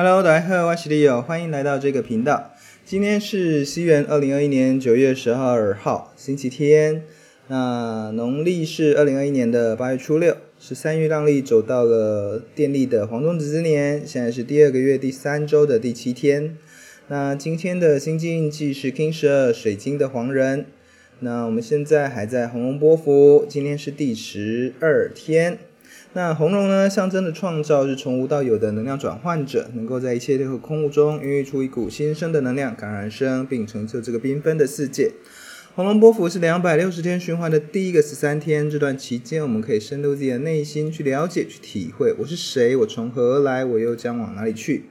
Hello，大家好，我是 Leo，歡迎來到這個頻道。今天是西元二零二一年九月十二號，星期天。那農曆是二零二一年的八月初六，是13月亮曆走到了電力的黃宗子之年。現在是第二個月第三周的第七天。那今天的星系印記是 KIN 十二水晶的黃人。那我們現在還在紅龍波符，今天是第十二天。那紅龍呢？象徵著，創造是從無到有的能量轉換者，能夠在一切空無中孕育出一股新生的能量，感染生，並成就這個繽紛的世界。紅龍波符是兩百六十天循環的第一個十三天，這段期間我們可以深入自己的內心去了解、去體會，我是誰？我從何而來？我又將往哪裡去？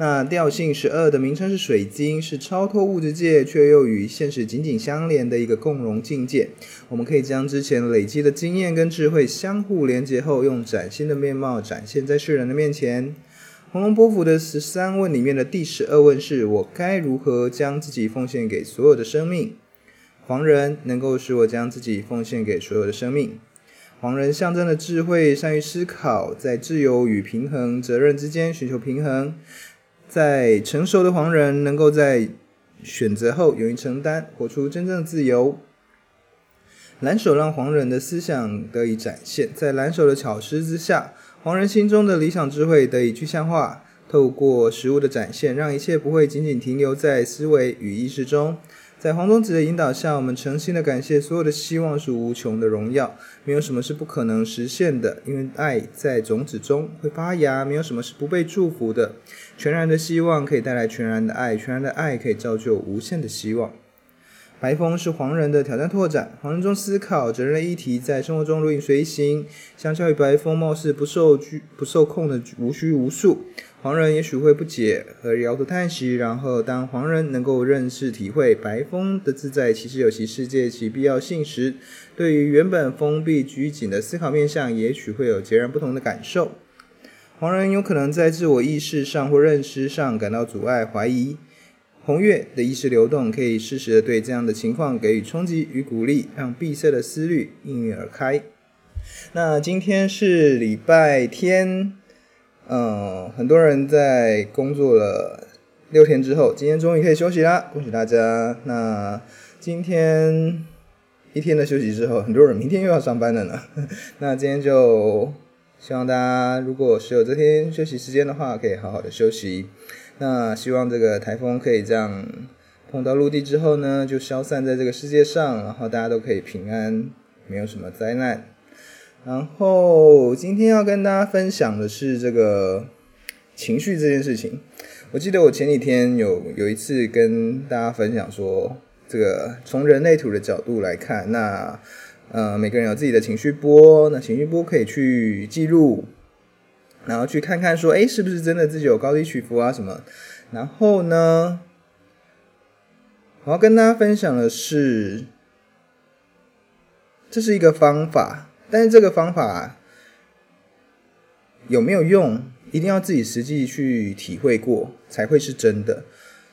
那調性十二的名稱是水晶，是超脫物質界，卻又與現實緊緊相連的一個共融境界。我們可以將之前累積的經驗跟智慧相互連接後，用嶄新的面貌展現在世人的面前。紅龍波符的十三問裡面的第十二問是：我該如何將自己奉獻給所有的生命？黃人能夠使我將自己奉獻給所有的生命。黃人象徵著智慧，善於思考，在自由與平衡、責任之間尋求平衡。在成熟的黃人能夠在選擇後勇於承擔，活出真正的自由。藍手讓黃人的思想得以展現，在藍手的巧思之下，黃人心中的理想智慧得以具象化，透過實物的展現，讓一切不會僅僅停留在思維與意識中。在黃種子的引導下，我們誠心的感謝所有的希望是無窮的榮耀，沒有什麼是不可能實現的，因為愛在種子中會發芽，沒有什麼是不被祝福的，全然的希望可以帶來全然的愛，全然的愛可以造就無限的希望。白風是黃人的挑戰拓展，黃人中思考責任的議題在生活中如影隨形。相較於白風，貌似不受拘、不受，不受控的、無拘無束，黃人也許會不解和搖頭嘆息。然後，當黃人能夠認識體會白風的自在，其實有其世界其必要性時，對於原本封閉拘謹的思考面向，也許會有截然不同的感受。黃人有可能在自我意識上或認知上感到阻礙、懷疑。紅月的意識流動可以適時的對這樣的情況給予衝擊與鼓勵，讓閉塞的思慮應運而開。那今天是禮拜天，嗯，很多人在工作了六天之後，今天終於可以休息啦，恭喜大家！那今天一天的休息之後，很多人明天又要上班了呢。 那今天就希望大家，如果是有這天休息時間的話，可以好好的休息。那希望這個台風可以這樣碰到陸地之後呢，就消散在這個世界上，然後大家都可以平安，沒有什麼災難。然後今天要跟大家分享的是這個情緒這件事情。我記得我前幾天有有一次跟大家分享說，這個從人類圖的角度來看，那呃每個人有自己的情緒波，那情緒波可以去記錄。然後去看看說，說哎，是不是真的自己有高低起伏啊什麼？然後呢，我要跟大家分享的是，這是一個方法，但是這個方法啊，有沒有用，一定要自己實際去體會過才會是真的。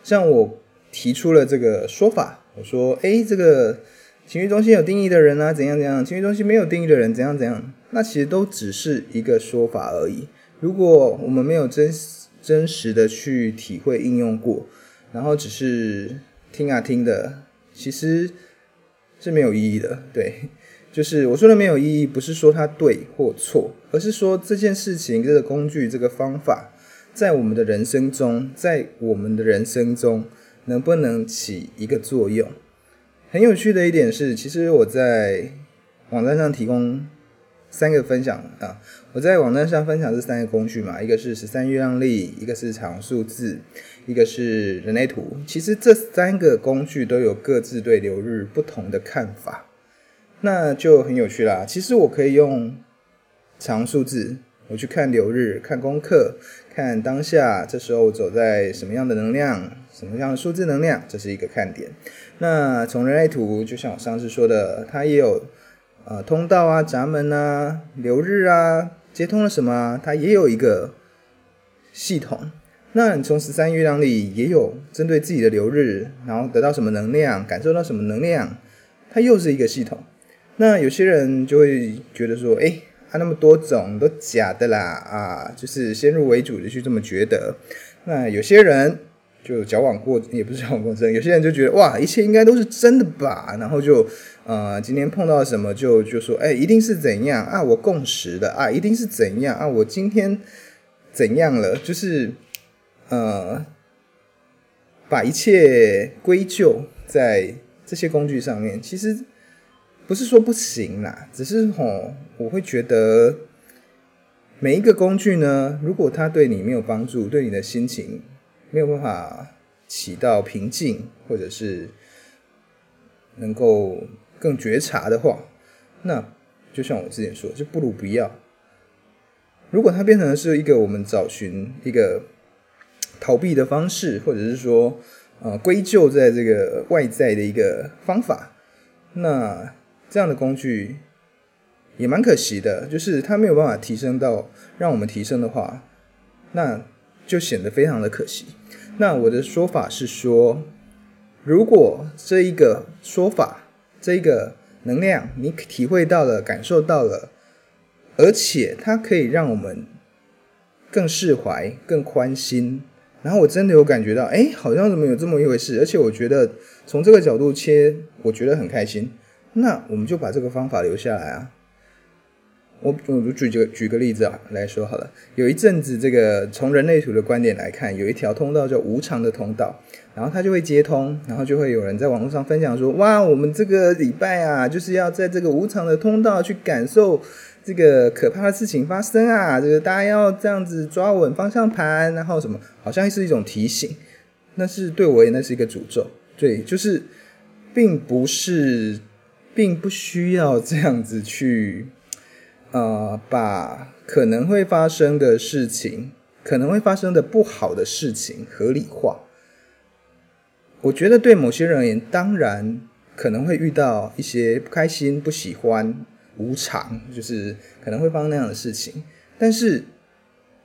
像我提出了這個說法，我說哎，這個情緒中心有定義的人啊，怎樣怎樣；情緒中心沒有定義的人怎樣怎樣，那其實都只是一個說法而已。如果我們沒有真真實的去體會應用過，然後只是聽啊聽的，其實是沒有意義的。對，就是我說的沒有意義，不是說它對或錯，而是說這件事情、這個工具、這個方法，在我們的人生中，在我們的人生中，能不能起一個作用？很有趣的一點是，其實我在網站上提供。三個分享啊！我在網站上分享這三個工具嘛，一個是十三月亮曆，一個是長數字，一個是人類圖。其實這三個工具都有各自對流日不同的看法，那就很有趣啦。其實我可以用長數字，我去看流日，看功課，看當下，這時候走在什麼樣的能量，什麼樣的數字能量，這是一個看點。那從人類圖，就像我上次說的，它也有。啊、呃，通道啊，閘門啊，流日啊，接通了什麼、啊？它也有一個系統。那你從十三月亮裡也有針對自己的流日，然後得到什麼能量，感受到什麼能量，它又是一個系統。那有些人就會覺得說，誒、欸，它、啊、那麼多種都假的啦，啊，就是先入為主的去這麼覺得。那有些人。就交往過也不是交往過程，有些人就覺得哇，一切應該都是真的吧，然後就呃，今天碰到什麼就就說哎、欸，一定是怎樣啊，我共識了啊，一定是怎樣啊，我今天怎樣了，就是呃，把一切歸咎在這些工具上面，其實不是說不行啦，只是吼，我會覺得每一個工具呢，如果它對你沒有幫助，對你的心情。沒有辦法起到平靜，或者是能夠更覺察的話，那就像我之前說，就不如不要。如果它變成是一個我們找尋一個逃避的方式，或者是說呃，歸咎在這個外在的一個方法，那這樣的工具也蠻可惜的，就是它沒有辦法提升到讓我們提升的話，那。就顯得非常的可惜。那我的說法是說，如果這一個說法、這一個能量你體會到了、感受到了，而且它可以讓我們更釋懷、更寬心，然後我真的有感覺到，誒、欸，好像怎麼有這麼一回事，而且我覺得從這個角度切，我覺得很開心。那我們就把這個方法留下來啊。我我舉個舉個例子啊來說好了，有一陣子，這個從人類圖的觀點來看，有一條通道叫無常的通道，然後它就會接通，然後就會有人在網絡上分享說：“哇，我們這個禮拜啊，就是要在這個無常的通道去感受這個可怕的事情發生啊！”這個大家要這樣子抓穩方向盤，然後什麼，好像是一種提醒。那是對我也，那是一個詛咒。對，就是並不是，並不需要這樣子去。呃，把可能會發生的事情，可能會發生的不好的事情合理化。我覺得對某些人而言，當然可能會遇到一些不開心、不喜歡、無常，就是可能會發生那樣的事情。但是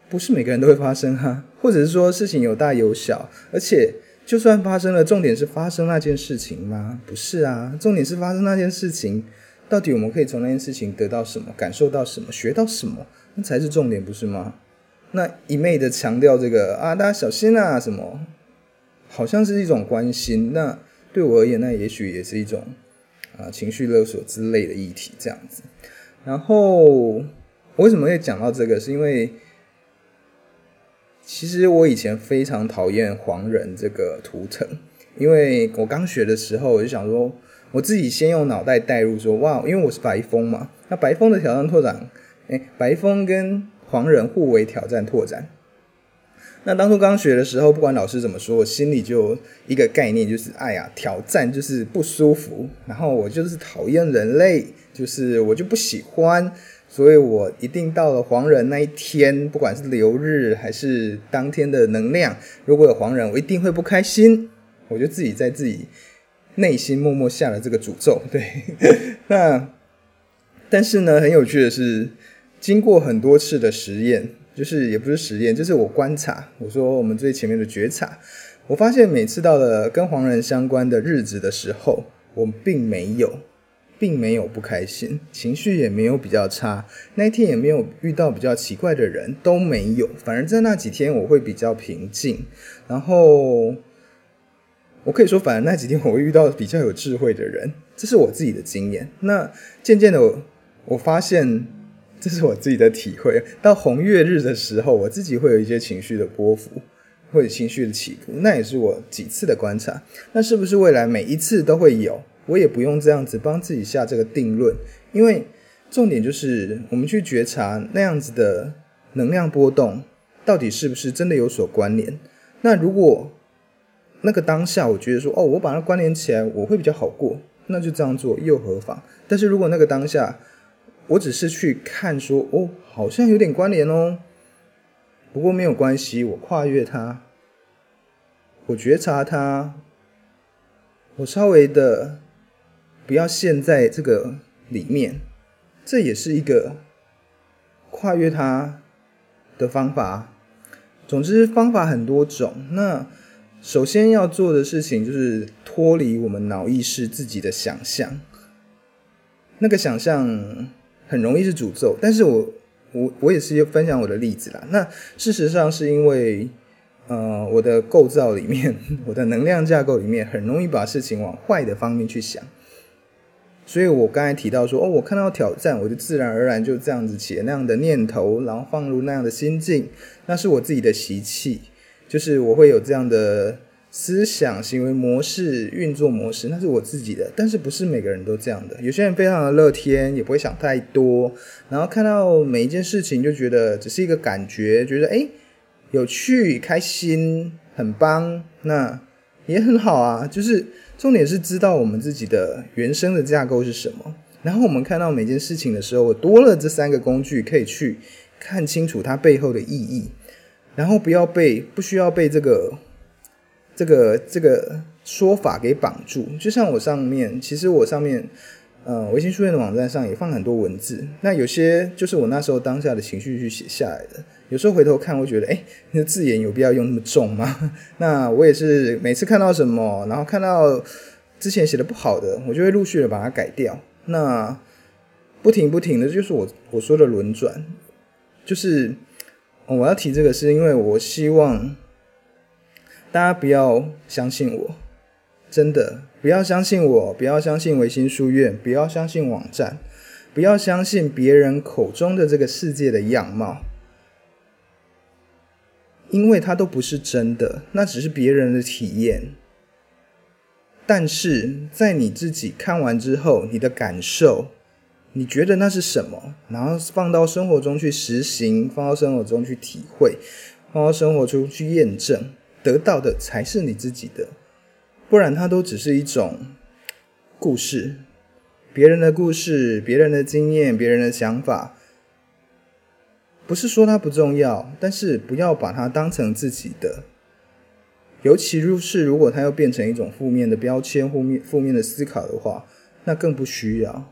不是每個人都會發生哈、啊，或者是說事情有大有小，而且就算發生了，重點是發生那件事情嗎？不是啊，重點是發生那件事情。到底我們可以從那件事情得到什麼？感受到什麼？學到什麼？那才是重點，不是嗎？那一昧的強調這個啊，大家小心啊，什麼，好像是一種關心。那對我而言，那也許也是一種啊，情緒勒索之類的議題，這樣子。然後我為什麼會講到這個？是因為其實我以前非常討厭黃人這個圖騰，因為我剛學的時候，我就想說。我自己先用腦袋代入說，哇，因為我是白風嘛，那白風的挑戰拓展，誒、欸，白風跟黃人互為挑戰拓展。那當初剛學的時候，不管老師怎麼說，我心裡就一個概念，就是哎呀，挑戰就是不舒服，然後我就是討厭人類，就是我就不喜歡，所以我一定到了黃人那一天，不管是流日還是當天的能量，如果有黃人，我一定會不開心。我就自己在自己。內心默默下了這個詛咒，對。 那，但是呢，很有趣的是，經過很多次的實驗，就是也不是實驗，就是我觀察，我說我們最前面的覺察，我發現每次到了跟黃人相關的日子的時候，我並沒有，並沒有不開心，情緒也沒有比較差，那一天也沒有遇到比較奇怪的人，都沒有，反而在那幾天我會比較平靜，然後。我可以說，反正那幾天我會遇到比較有智慧的人，這是我自己的經驗。那漸漸的，我我發現，這是我自己的體會。到紅月日的時候，我自己會有一些情緒的波幅，或者情緒的起伏。那也是我幾次的觀察。那是不是未來每一次都會有？我也不用這樣子幫自己下這個定論，因為重點就是我們去覺察那樣子的能量波動，到底是不是真的有所關聯？那如果。那個當下，我覺得說，哦，我把它關聯起來，我會比較好過，那就這樣做又何妨？但是如果那個當下，我只是去看，說，哦，好像有點關聯哦，不過沒有關係，我跨越它、我覺察它、我稍微的不要陷在這個裡面，這也是一個跨越它的方法。總之，方法很多種。那。首先要做的事情就是脫離我們腦意識自己的想象那個想象很容易是詛咒。但是我我我也是分享我的例子啦。那事實上是因為，呃，我的構造裡面，我的能量架構裡面，很容易把事情往壞的方面去想。所以我剛才提到說，哦，我看到挑戰，我就自然而然就這樣子起了那樣的念頭，然後放入那樣的心境，那是我自己的習氣。就是我會有這樣的思想、行為模式、運作模式，那是我自己的，但是不是每個人都這樣的。有些人非常的樂天，也不會想太多，然後看到每一件事情就覺得只是一個感覺，覺得誒有趣、開心、很棒，那也很好啊。就是重點是知道我們自己的原生的架構是什麼，然後我們看到每件事情的時候，我多了這三個工具可以去看清楚它背後的意義。然後不要被，不需要被這個這個這個說法給綁住，就像我上面，其實我上面，呃，微信書院的網站上也放很多文字，那有些就是我那時候當下的情緒去寫下來的，有時候回頭看我會覺得，哎，那字眼有必要用那麼重嗎？那我也是每次看到什麼，然後看到之前寫的不好的，我就會陸續的把它改掉。那不停不停的就是我我說的輪轉，就是。哦，我要提這個，是因為我希望大家不要相信我，真的，不要相信我，不要相信維新書院，不要相信網站，不要相信別人口中的這個世界的樣貌，因為它都不是真的，那只是別人的體驗。但是在你自己看完之後，你的感受。你覺得那是什麼？然後放到生活中去實行，放到生活中去體會，放到生活中去驗證，得到的才是你自己的。不然，它都只是一種故事，別人的故事，別人的經驗，別人的想法。不是說它不重要，但是不要把它當成自己的。尤其是如果它要變成一種負面的標籤、負面負面的思考的話，那更不需要。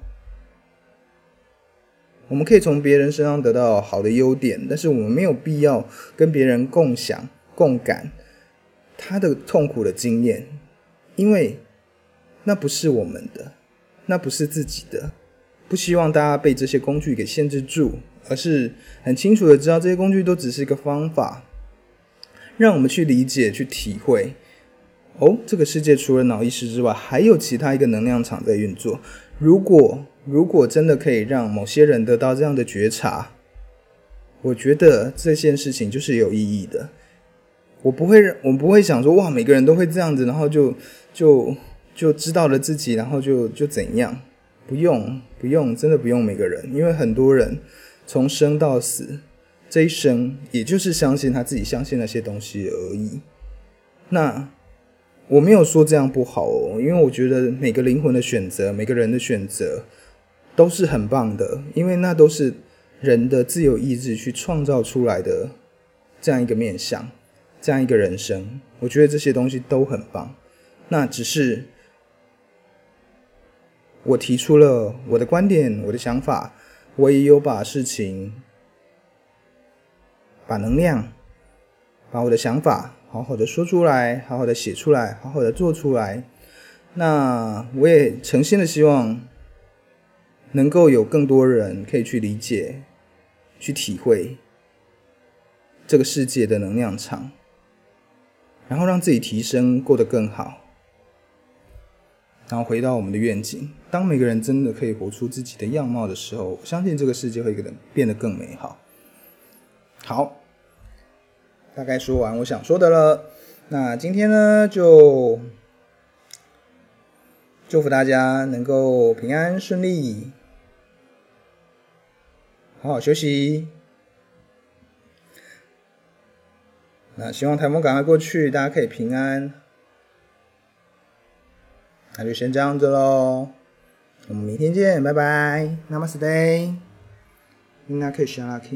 我們可以從別人身上得到好的優點，但是我們沒有必要跟別人共享、共感他的痛苦的經驗，因為那不是我們的，那不是自己的。不希望大家被這些工具給限制住，而是很清楚的知道，這些工具都只是一個方法，讓我們去理解、去體會。哦，這個世界除了腦意識之外，還有其他一個能量場在運作。如果，如果真的可以讓某些人得到這樣的覺察，我覺得這件事情就是有意義的。我不會，我不會想說哇，每個人都會這樣子，然後就就就知道了自己，然後就就怎樣？不用不用，真的不用每個人，因為很多人從生到死這一生，也就是相信他自己，相信那些東西而已。那。我沒有說這樣不好哦，因為我覺得每個靈魂的選擇，每個人的選擇都是很棒的，因為那都是人的自由意志去創造出來的這樣一個面向，這樣一個人生。我覺得這些東西都很棒。那，只是我提出了我的觀點，我的想法，我也有把事情、把能量、把我的想法。好好的說出來，好好的寫出來，好好的做出來。那我也誠心的希望，能夠有更多人可以去理解、去體會這個世界的能量場，然後讓自己提升，過得更好。然後回到我們的願景，當每個人真的可以活出自己的樣貌的時候，我相信這個世界會變得變得更美好。好。大概說完我想說的了，那今天呢就祝福大家能夠平安順利，好好休息。那希望颱風趕快過去，大家可以平安。那就先這樣子嘍，我們明天見，拜拜，Namaste，你那可以學拉克。